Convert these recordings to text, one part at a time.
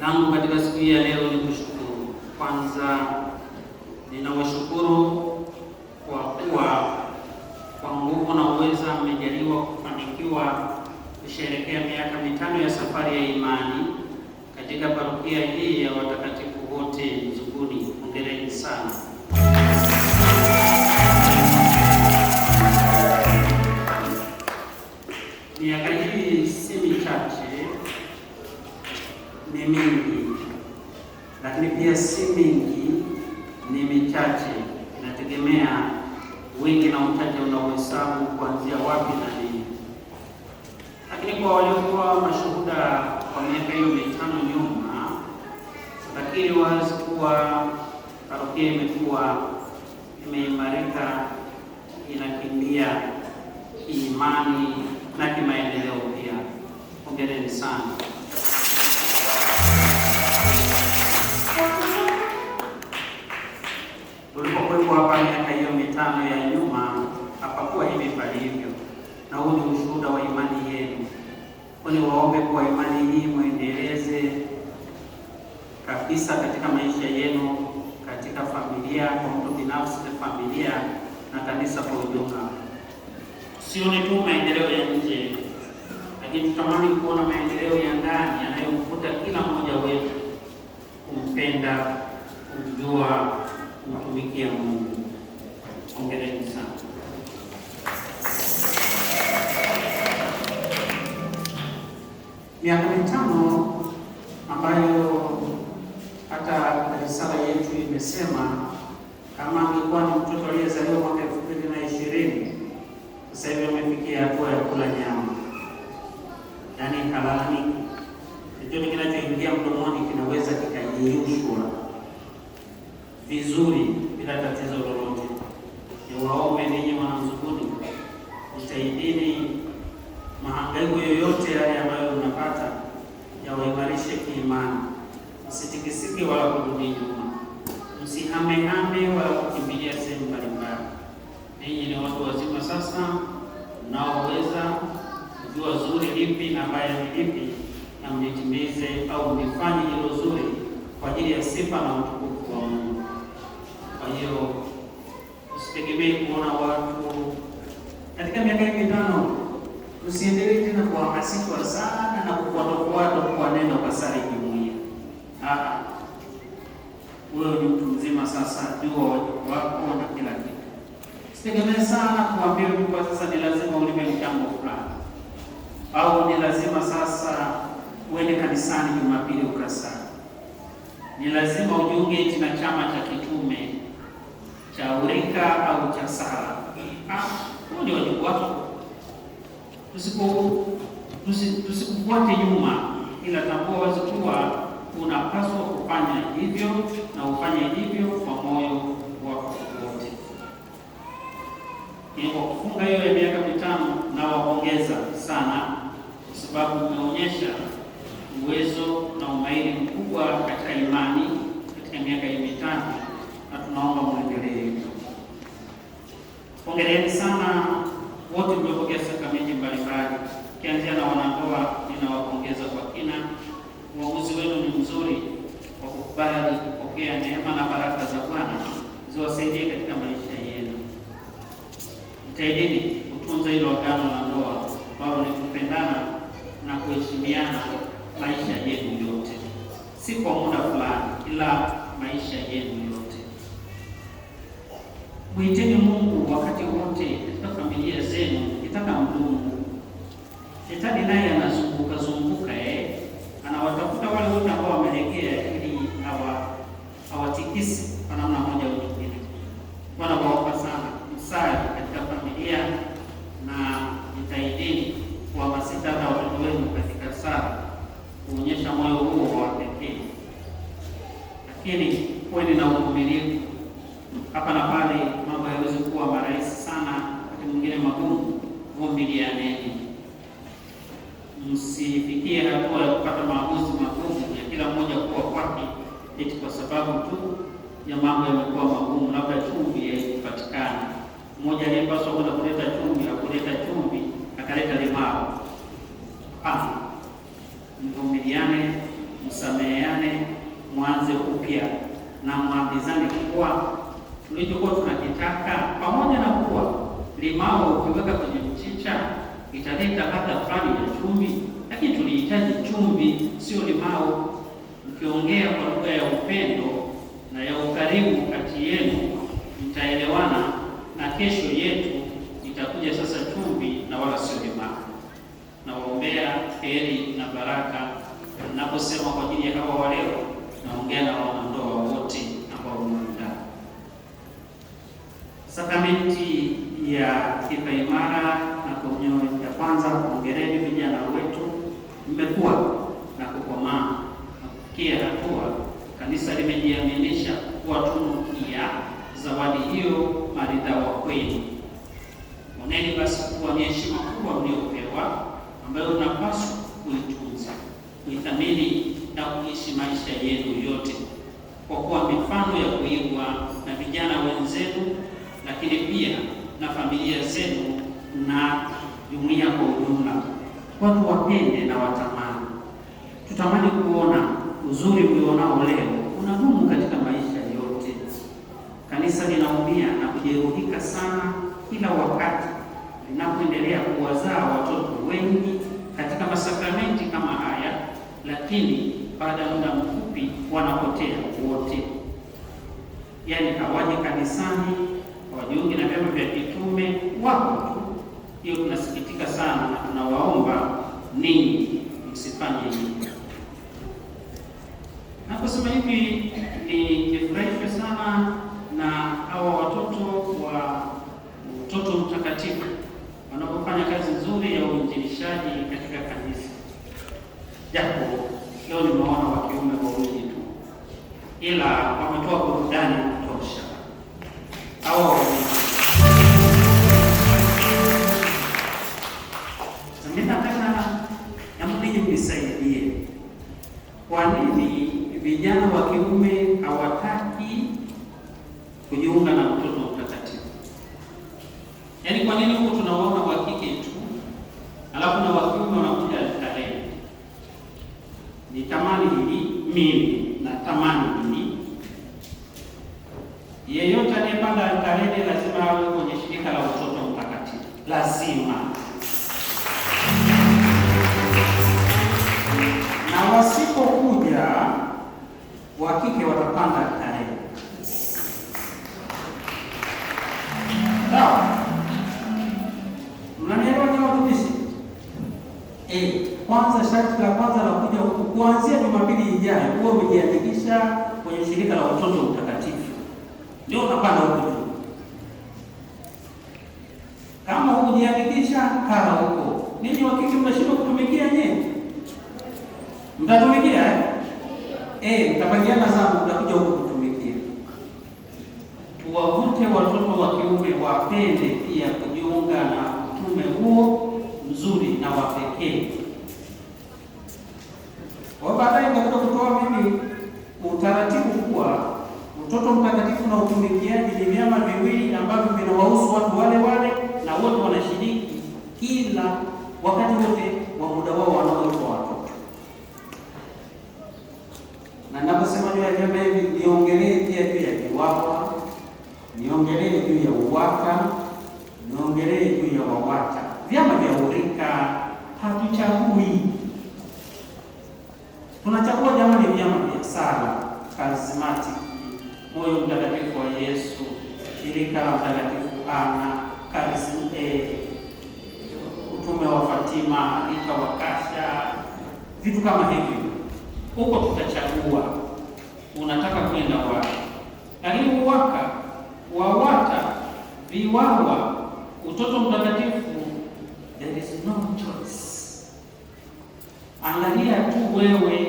langu katika siku hii ya leo ni kushukuru. Kwanza ninawashukuru kwa kuwa kwa nguvu na uweza mmejaliwa kufanikiwa kusherehekea miaka mitano ya safari ya imani katika parokia hii ya watakatifu wote Nzuguni. Hongereni sana. Miaka hii ni mingi, lakini pia si mingi, ni michache. Inategemea wingi na uchache unaohesabu kuanzia wapi na nini. Lakini kwa waliokuwa mashuhuda kwa miaka hiyo mitano nyuma, lakini wazi kuwa parokia imekuwa imeimarika, inakimbia kiimani na kimaendeleo pia. Hongereni sana. kuwa hapa miaka hiyo mitano ya nyuma hapakuwa hivi palivyo, na huu ni ushuhuda wa imani yenu. Kwani waombe kwa imani hii mwendeleze kabisa katika maisha yenu, katika familia, kwa mtu binafsi na familia na kanisa kwa ujumla. Sioni tu maendeleo ya nje, lakini tutamani kuona maendeleo ya ndani yanayomkuta kila mmoja wetu, kumpenda, kumjua kumtumikia Mungu. Hongereni sana. Miaka mitano ambayo hata risala yetu imesema kama angekuwa ni mtoto aliyezaliwa mwaka elfu mbili na ishirini sasa hivi amefikia hatua ya kula nyama vizuri bila tatizo lolote. Niwaombe ninyi wanamzuguni, usaidini mahangaiko yoyote yale ambayo mnapata yawaimarishe kiimani, msitikisike wala kurudi nyuma, msihamehame wala kukimbilia sehemu mbalimbali. Ninyi ni watu wazima sasa mnaoweza kujua zuri lipi na baya ni lipi, na mlitimize au mlifanye hilo zuri kwa ajili ya sifa na utukufu wa Mungu hiyo usitegemee kuona watu katika miaka hii mitano, tusiendelee tena kuhamasishwa sana na kufuatafuata kwa neno kwa kasari jumuiya. Ah, wewe ni mtu mzima sasa, jua wajibu wako na kila kitu. Usitegemee sana kuambia mtu kwa sasa ni lazima ulipe mchango fulani, au ni lazima sasa uende kanisani Jumapili ukasali, ni lazima ujiunge eti na chama cha kitume cha urika au cha sala. Ah, ni wajibu wako. Tusipo tusikufuate nyuma, ila tambua wazi kuwa unapaswa kufanya hivyo na ufanye hivyo kwa moyo wako wote. Ni kwa kufunga hiyo ya miaka mitano, na sana kwa sababu umeonyesha uwezo na umahiri mkubwa katika imani katika miaka hii mitano, na tunaomba Hongereni sana wote mliopokea sakramenti mbalimbali. Ukianzia na wanandoa, ninawapongeza kwa kina. Uamuzi wenu ni mzuri wa kukubali kupokea neema na baraka za Bwana ziwasaidie katika maisha yenu. Mtaidini kutunza hilo agano la ndoa ambalo ni kupendana na kuheshimiana maisha yenu yote, si kwa muda fulani, ila maisha yenu yote. Mwiteni Mungu wakati wote katika familia zenu, kitaka mdumu. Shetani naye anazunguka zunguka, eh, anawatafuta wale wote ambao wamelegea, ili hawatikisi kwa namna moja au nyingine. Bwana waomba sana msali katika familia na jitahidini kuhamasisha watoto wenu katika sala, kuonyesha moyo huo wa pekee, lakini kuweni na uvumilivu hapa na pale, mambo yawezi kuwa marahisi sana, wakati mwingine magumu. Vumilianeni, msifikie hatua ya kupata maamuzi magumu ya kila mmoja kuwa kwake, eti kwa sababu tu ya mambo yamekuwa magumu, labda chumvi haipatikana. Mmoja aliyepaswa kwenda kuleta chumvi hakuleta chumvi sio limao, mkiongea kwa lugha ya upendo na ya ukarimu kati yenu, mtaelewana na kesho yetu itakuja sasa chumvi na wala sio limao. Nawaombea heri na baraka. Naposema kwa ajili ya hawa waleo, naongea na wanandoa wote ambao mda sakramenti ya kipaimara na komunyo ya kwanza. Hongereni vijana wetu, mmekuwa na kukomaa na kufikia hatua kanisa limejiaminisha kuwa tunu ya zawadi hiyo maridhawa kwenu. Oneni basi kuwa ni heshima kubwa mliopewa, ambayo unapaswa kuitunza, kuithamini na kuishi maisha yenu yote, kwa kuwa mifano ya kuigwa na vijana wenzenu, lakini pia na familia zenu na jumuiya kwa ujumla. Watu wapende na watamani tutamani kuona uzuri ulionao leo unadumu katika maisha yote. Kanisa linaumia na kujeruhika sana kila wakati linapoendelea kuwazaa watoto wengi katika masakramenti kama haya, lakini baada ya muda mfupi wanapotea wote, yaani hawaje kanisani, hawajiungi na vyama vya kitume, wako tu. Hiyo tunasikitika sana na tunawaomba ninyi msifanye hivyo. Nasema hivi nimefurahishwa sana na hawa watoto wa mtoto Mtakatifu wanapofanya kazi nzuri ya uinjilishaji katika kanisa, japo leo nimeona wa kiume wawili tu, ila wametoa burudani Yaani kwa nini huko tunaona wa kike tu alafu na wa kiume wanakuja starehe? Ni tamani hili mimi na tamani hili. Yeyote anayepanda starehe lazima awe kwenye shirika la utoto mtakatifu, lazima na wasipokuja wa kike watapanda Kwanza, sharti la kwanza la kuja huku, kuanzia Jumapili ijayo huwa umejiandikisha kwenye shirika la watoto mtakatifu, ndio unapanda huku juu. Kama hukujiandikisha, kaa huko. Ninyi wakiki mnashindwa kutumikia nyinyi, mtatumikia eh? Eh, mtapangiana zangu, mtakuja huko kutumikia. Tuwavute watoto wa kiume wapende pia kujiunga na utume huo mzuri na wapekee kwa mimi utaratibu kuwa utoto mtakatifu na utumikiaji ni vyama viwili ambavyo vinawahusu watu wale wale na wote wanashiriki kila wakati wote wa muda wao wanaoitwa watoto. Na ninaposema juu ya vyama hivi, niongelee pia juu ya VIWAWA, niongelee juu ya UWAKA mia sala karismatiki, moyo mtakatifu wa Yesu, shirika la mtakatifu Ana, karisma, eh, utume wa Fatima, rika wa Kasha, vitu kama hivyo. Huko tutachagua unataka kwenda wapi, lakini uwaka wawata viwawa utoto mtakatifu, there is no choice. Angalia tu wewe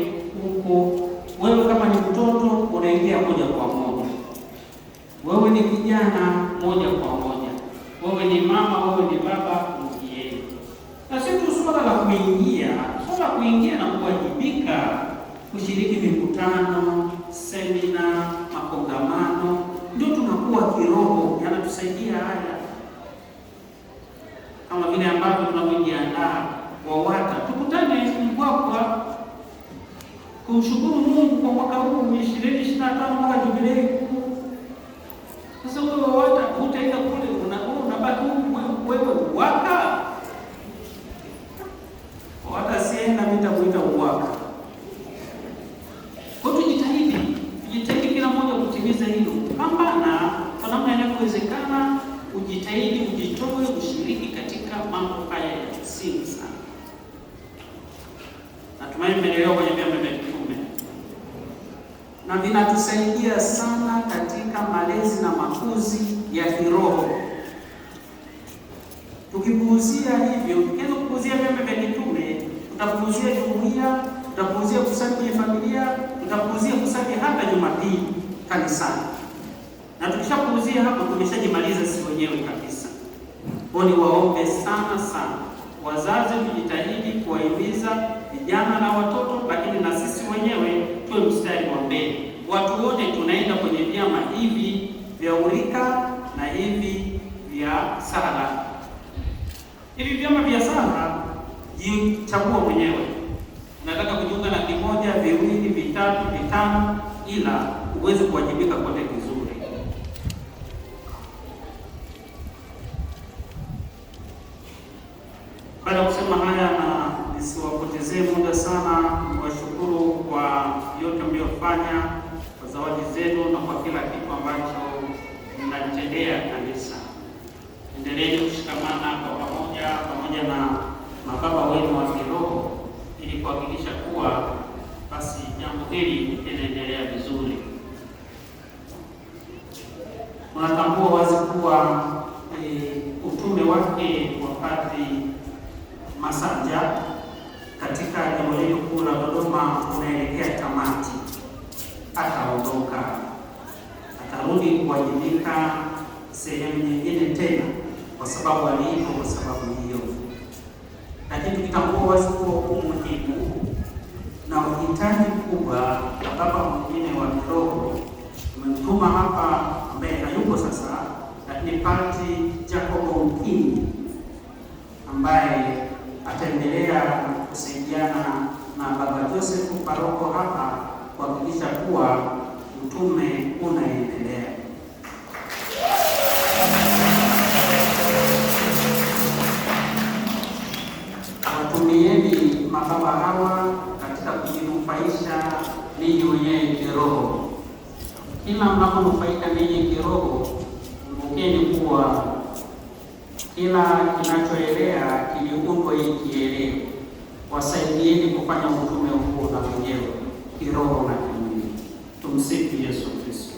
kushiriki mikutano, semina, makongamano, ndio tunakuwa kiroho, yanatusaidia haya, kama vile ambavyo tunavyojiandaa WAWATA, tukutane Mpwapwa kumshukuru Mungu kwa mwaka huu 2025 mwaka jubilei Tukipuuzia hivyo, tukiweza kupuuzia vyombo vya kitume, tutapuuzia jumuiya, tutapuuzia kusali kwenye familia, tutapuuzia kusali hata Jumapili kanisani. Na tukishapuuzia hapo, tumeshajimaliza sisi wenyewe kabisa. Kwa ni waombe sana sana wazazi kujitahidi kuwahimiza vijana na watoto, lakini na sisi wenyewe tuwe mstari wa mbele. Watu wote tunaenda kwenye vyama hivi vya urika na hivi vya sala Hivi vyama vya sasa jichagua mwenyewe, unataka kujiunga na kimoja, viwili, vitatu, vitano, ila uweze kuwajibika kote vizuri. Baada kusema haya, na nisiwapotezee muda sana, niwashukuru kwa yote mliofanya, kwa zawadi zenu na kwa kila kitu ambacho mnatendea kanisa. Endeleeni kushikamana kwa pamoja pamoja na mababa wenu wa kiroho ili kuhakikisha kuwa basi jambo hili linaendelea vizuri. Unatambua wazi kuwa e, utume wake wa Padri Masanja katika jimbo letu kuu la Dodoma unaelekea tamati. Ataondoka, atarudi kuwajibika sehemu nyingine tena kwa sababu aliipo kwa sababu hiyo, lakini tukitambua huo umuhimu na uhitaji kubwa wa baba mwingine wa kiroho tumemtuma hapa, ambaye hayuko sasa, lakini Padri Jacobo Mkini ambaye ataendelea kusaidiana na baba Joseph paroko hapa kuhakikisha kuwa utume unaendelea. watumieni mababa hawa katika kujinufaisha ninyi wenyewe kiroho. Kila nufaika ninyi kiroho, kumbukeni kuwa kila kinachoelea kiliumbwa ili kielee. Wasaidieni kufanya utume huo na wenyewe kiroho na kimwili. Tumsifu Yesu Kristo.